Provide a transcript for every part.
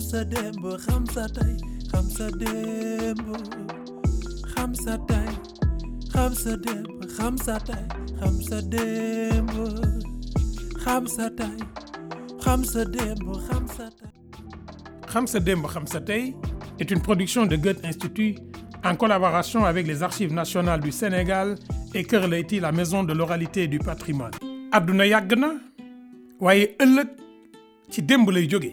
xam sa sa tey xam xam sa tey xam production de Goethe Institut en collaboration avec les Archives nationales du Sénégal et Kër Leyti la maison de l'oralité et du patrimoine. àdduna yàgg na waaye ci démb lay jóge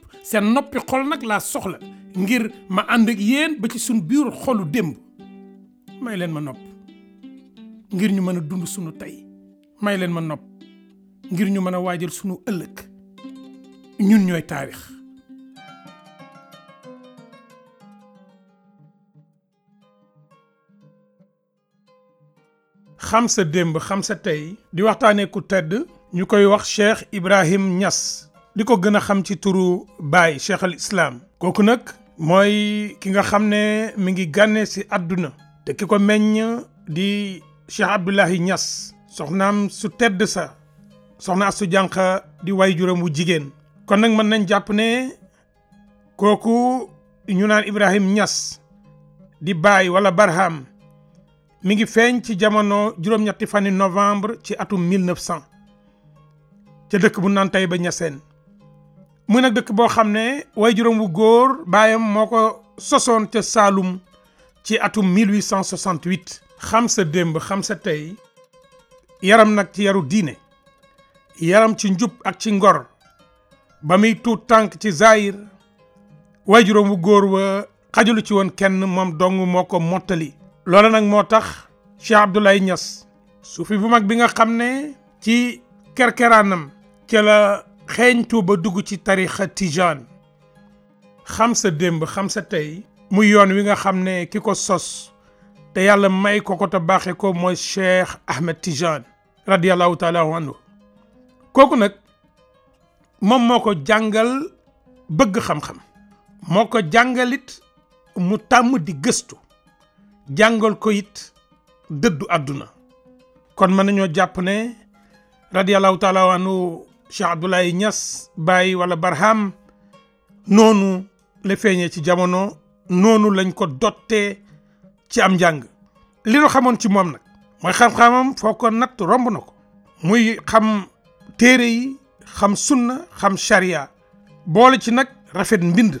seen noppi xol nag laa soxla ngir ma ànd ak yéen ba ci suñu biir xolu démb may leen ma nopp ngir ñu mën a dund suñu tey may leen ma nopp ngir ñu mën a waajal suñu ëllëg ñun ñooy taarix xam sa démb xam sa tey di waxtaanee ku tedd ñu koy wax Cheikh Ibrahim Niass di ko gën a xam ci turu baay cheikh al islam kooku nag mooy ki nga xam ne mi ngi gànne si àdduna te ki ko meññ di cheikh Abdullahi ñas soxnaam su tedd sa soxna su jànq di way juróom wu jigéen kon nag mën nañ jàpp ne kooku ñu naan Ibrahim ñas di baay wala Barham mi ngi feeñ ci jamono juróom-ñetti fani novembre ci atum 1900 ca dëkk bu naan ba Niassène muy nag dëkk boo xam ne way juróom wu góor baayam moo ko sosoon ca Saalum ci atum 1868 xam sa démb xam sa tey yaram nag ci yaru diine yaram ci njub ak ci ngor ba muy tuut tànk ci zaayir way juróom wu góor wa xajulu ci woon kenn moom dong moo ko mottali loola nag moo tax Cheikh Abdoulaye Niass suufi bu mag bi nga xam ne ci kerkeraanam ca la xeeñtu ba dugg ci tarixa tijaan xam sa démb xam sa tey muy yoon wi nga xam ne ki ko sos te yàlla may ko ko te baaxe ko mooy cheikh ahmed tijaan radiallahu taala anhu kooku nag moom moo ko jàngal bëgg xam-xam moo ko jàngalit mu tàmm di gëstu jàngal ko it dëddu àdduna kon mën nañoo jàpp ne radiallahu taala anhu Cheikh Abdoulaye ñas Baye wala Barham noonu la feeñee ci jamono noonu lañ ko dottee ci am njàng. li nu xamoon ci moom nag mooy xam-xamam foo ko natt romb na ko muy xam téere yi xam sunna xam charia boole ci nag rafet mbind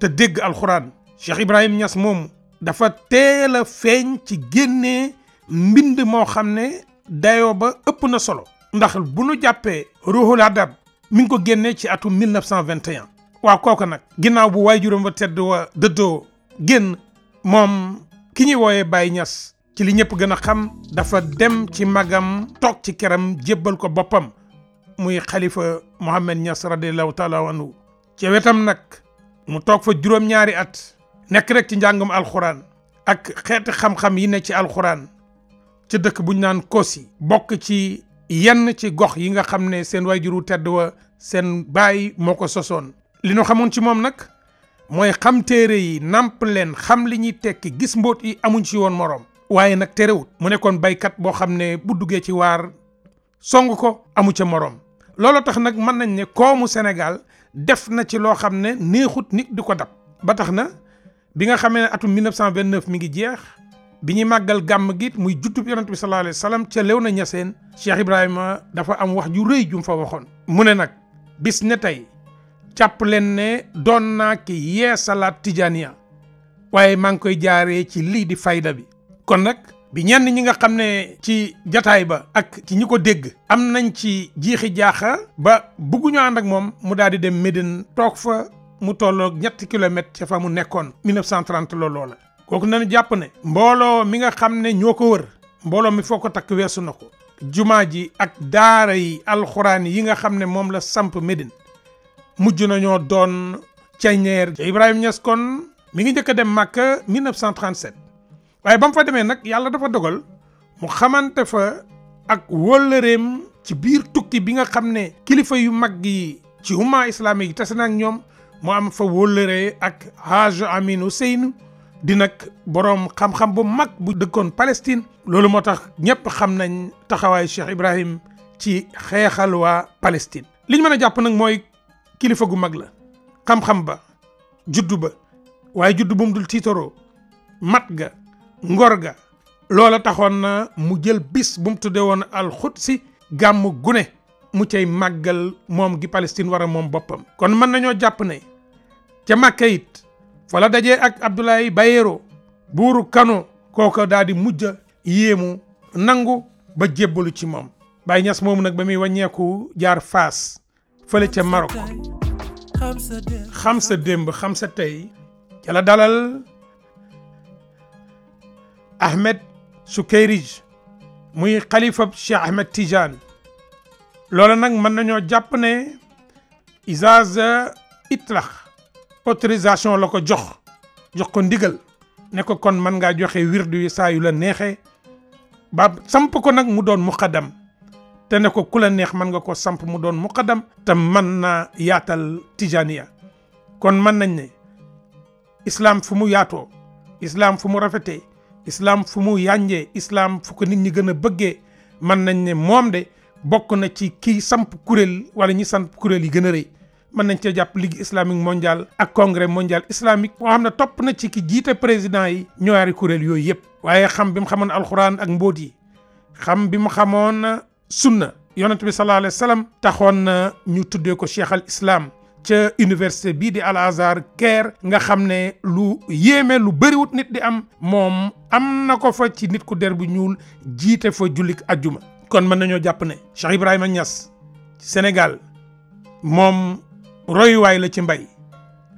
te dégg alxuraan Cheikh Ibrahim ñas moomu dafa teel feeñ ci génne mbind moo xam ne dayo ba ëpp na solo. ndax bu nu jàppee ruuxul adab mi ngi ko génnee ci atum 1921 waaw kooku nag ginaaw bu waajuram wa tedd wa dëddoo génn moom ki ñuy wooyee Baye ñas ci li ñëpp gën a xam dafa dem ci magam toog ci këram jébbal ko boppam muy xalifa Mohamed Niass radiallahu taala anhu ci wetam nag mu toog fa juróom-ñaari at nekk rek ci njàngum alxuraan ak xeeti xam-xam yi nekk ci alxuraan ci dëkk bu naan Kosi bokk ci yenn ci gox yi nga xam ne seen waajuru tedd wa seen baay moo ko sosoon li nu xamoon ci moom nag mooy xam téere yi nàmp leen xam li ñuy tekki gis mbóot yi amuñ ci woon moroom waaye nag terewut mu nekkoon baykat boo xam ne bu duggee ci waar song ko amu ca moroom looloo tax nag mën nañ ne koomu Sénégal def na ci loo xam ne néexut nit di ko dab ba tax na bi nga xamee ne atum 1929 mi ngi jeex bi ñuy màggal gàmm gi muy juddub yonent bi sallallahu alayhi wa sallam ca Léona Niassène Cheikh Ibrahima dafa am wax ju rëy ju fa waxoon. mu ne nag bis ne tey càpp leen ne doon naa ki yee salaat tijaniya waaye maa ngi koy jaaree ci lii di fayda bi kon nag bi ñenn ñi nga xam ne ci jataay ba ak ci ñi ko dégg. am nañ ci jiixi jaaxa ba bugguñu ànd ak moom mu daal di dem Médine toog fa mu tolloog ñetti kilomètres ca fa mu nekkoon 1930 looloo la. kooku nañu jàpp ne mbooloo mi nga xam ne ñoo ko wër mbooloo mi foo ko takk weesu na ko jumaa ji ak daara yi alxuraan yi nga xam ne moom la samp Médine mujj nañoo doon ceñeer Ibrahima Niass kon mi ngi njëkk a dem Màkka 1937 waaye ba mu fa demee nag yàlla dafa dogal mu xamante fa ak wëllëreem ci biir tukki bi nga xam ne kilifa yu mag yi ci umma islamique yi tase ak ñoom mu am fa wëllëree ak Hajj Amin Ousseynou di nag boroom xam-xam bu mag bu dëkkoon Palestine loolu moo tax ñëpp xam nañ taxawaayu Cheikh Ibrahim ci xeexal waa Palestine li ñu mën a jàpp nag mooy kilifa gu mag la xam-xam ba juddu ba waaye juddu bu mu dul tiitaroo mat ga ngor ga loola taxoon na mu jël bis bu mu tuddee woon alxutsi gàmm gune mu cay màggal moom gi Palestine wara moom boppam kon mën nañoo jàpp ne ca Màkka it fa daje ak Abdoulaye Bayero buuru Kano kooko daal di mujj yéemu nangu ba jébbalu ci moom Baye Niass moomu nag ba muy wàññeeku jaar Faas fële ca Maroc xam sa xam sa tey ca la dalal Ahmed Sukayrij muy xalifab Cheikh Ahmed Tidiane loola nag mën nañoo jàpp ne isaaz itlax autorisation la ko jox jox ko ndigal ne ko kon mën ngaa joxe wirdu yi saa yu la neexee ba samp ko nag mu doon muqaddam te ne ko ku la neex mën nga ko samp mu doon muqaddam te man naa yaatal tijaniya kon mën nañ ne islaam fu mu yaatoo islaam fu mu rafetee islaam fu mu yànjee islaam fu ko nit ñi gën a bëggee mën nañ ne moom de bokk na ci kii samp kuréel wala ñi samp kuréel yi gën a rëy mën nañ cee jàpp ligue islamique mondiale ak congrès mondial islamique moo xam na topp na ci ki jiite président yi ñowaari kuréel yooyu yëpp waaye xam bi mu xamoon alxuraan ak mbóot xam bi mu xamoon sunna yonent bi sallallahu alayhi taxoon na ñu tuddee ko cheikh al islam ca université bii di Al Azhar Caire nga xam ne lu yéeme lu bëriwut nit di am moom am na ko fa ci nit ku der bu ñuul jiite fa jullik ajjuma kon mën nañoo jàpp ne Cheikh Ibrahima Niass Sénégal royuwaay la ci mbay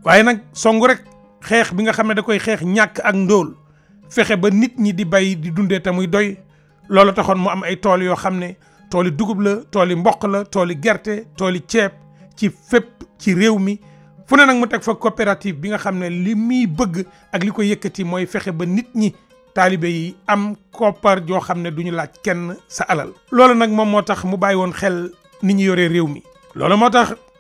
waaye nag songu rek xeex bi nga xam ne da koy xeex ñàkk ak ndóol fexe ba nit ñi di bay di dundee tam muy doy loolu taxoon mu am ay tool yoo xam ne tooli dugub la tooli mboq la tooli gerte tooli ceeb ci fépp ci réew mi fu ne nag mu teg fa coopérative bi nga xam ne li muy bëgg ak li ko yëkkati mooy fexe ba nit ñi taalibe yi am koppar joo xam ne duñu laaj kenn sa alal loolu nag moom moo tax mu bàyyi woon xel ni ñu yoree réew mi loolu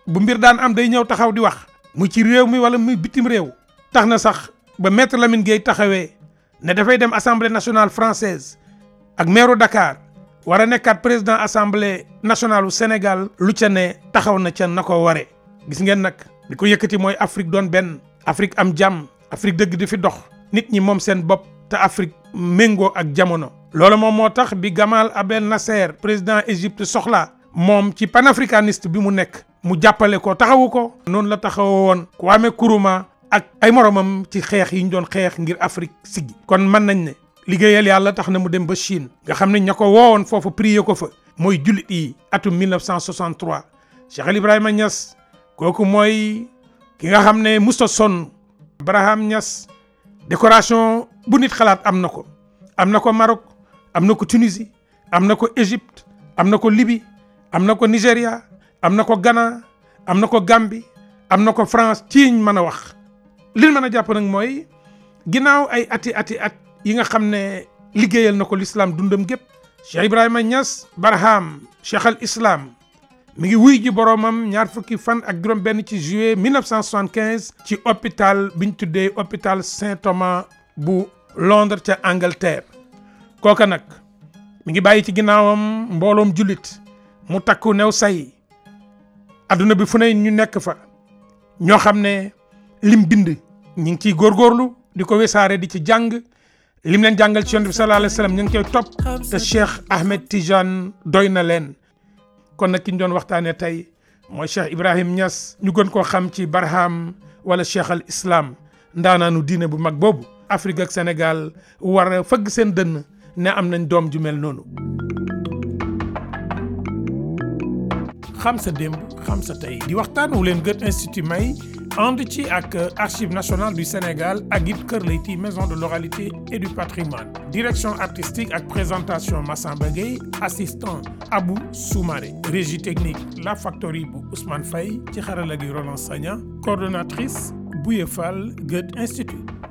bu mbir daan am day ñëw taxaw di wax mu ci réew mi wala muy bitim réew tax na sax ba maître Lamine Gueye taxawee ne dafay dem assemblée nationale française ak maire Dakar war a nekkaat président assemblée nationale u Sénégal lu ca ne taxaw na cen na ko waree gis ngeen nag li ko yëkkati mooy Afrique doon benn Afrique am jàmm Afrique dëgg di fi dox nit ñi moom seen bopp te Afrique méngoo ak jamono. loolu moom moo tax bi Gamal Abdel Nasser président Égypte soxla moom ci panafricaniste bi mu nekk. mu jàppale ko taxawu ko. noonu la taxawoo woon Kwame Nkrumah ak ay moromam ci xeex yi ñu doon xeex ngir Afrique siggi kon mën nañ ne liggéeyal yàlla tax na mu dem ba Chine nga xam ne ña ko woowoon foofu prier ko fa mooy jullit yi atum 1963 Cheikh El Ibrahima Niass kooku mooy ki nga xam ne musta sonn Barham ñas décoration bu nit xalaat am na ko am na ko Maroc am na ko Tunisie am na ko Égypte am na ko Libye am na ko Nigéria am na ko gana am na ko Gambie am na ko France ci ñu mën a wax li ñu mën a jàpp nag mooy ginnaaw ay ati ati at yi nga xam ne liggéeyal na ko lislaam dundam gépp Cheikh Ibrahima ñas Barham Cheikh al Islam mi ngi wuy ji boroomam ñaar fukki fan ak juróom benn ci juillet 1975 ci hôpital bi ñu tuddee hôpital Saint Thomas bu londre ca Angleterre kooka nag mi ngi bàyyi ci ginnaawam mbooloom jullit mu takku new say adduna bi fu ne ñu nekk fa ñoo xam ne lim bind ñu ngi ciy góorlu di ko wesaare di ci jàng lim leen jàngal ci yonent bi sallallahu alayhi wa sallam ñu ngi koy topp te Cheikh Ahmed Tidiane doy na leen kon nag ki ñu doon waxtaanee tey mooy Cheikh Ibrahim ñas ñu gën koo xam ci Barham wala Cheikh al Islam ndaanaanu diine bu mag boobu Afrique ak senegal war fëgg seen dënn ne am nañ doom ju noonu xam sa démb xam sa tey di waxtaan wu leen Goethe Institut may ànd ci ak Archives national du Sénégal ak it Kër Leyti maison de l'oralité et du patrimoine direction artistique ak présentation Massamba Gueye assistant Abou Soumaré régie technique La Factory bu Ousmane Faye ci xarala gi Roland Sagna coordonnatrice Bouye Fall Institut